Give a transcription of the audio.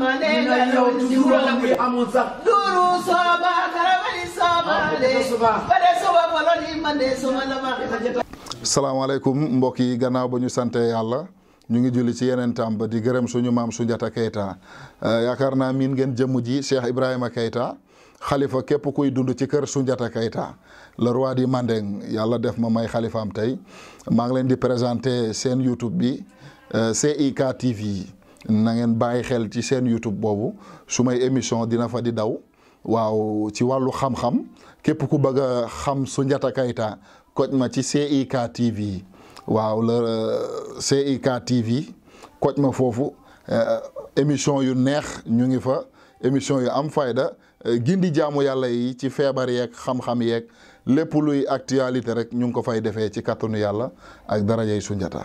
ma ne la mbokk yi gannaaw ba ñu sante yàlla ñu ngi julli ci yeneen tam ba di gërëm suñu maam Soundiata Keita eh, yaakaar naa miin ngeen jëmm ji Cheikh Ibrahima Keita xalifa képp kuy dund ci kër Soundiata Keita le roi di yàlla def ma may xalifaam tey maa ngi leen di présenté seen YouTube bi eh, CIK TV na ngeen bàyyi xel ci seen YouTube boobu su may émission dina fa di daw waaw ci wàllu xam-xam képp ku bëgg a xam Soundiata Keita koj ma ci CIK TV waaw la euh, CIK TV koj ma foofu euh, émission yu neex ñu ngi fa émission yu am fayda euh, gindi jaamu yàlla yi ci feebar yeeg xam-xam yeeg lépp luy actualité rek ñu ngi ko fay defee ci kattanu yàlla ak darajay njata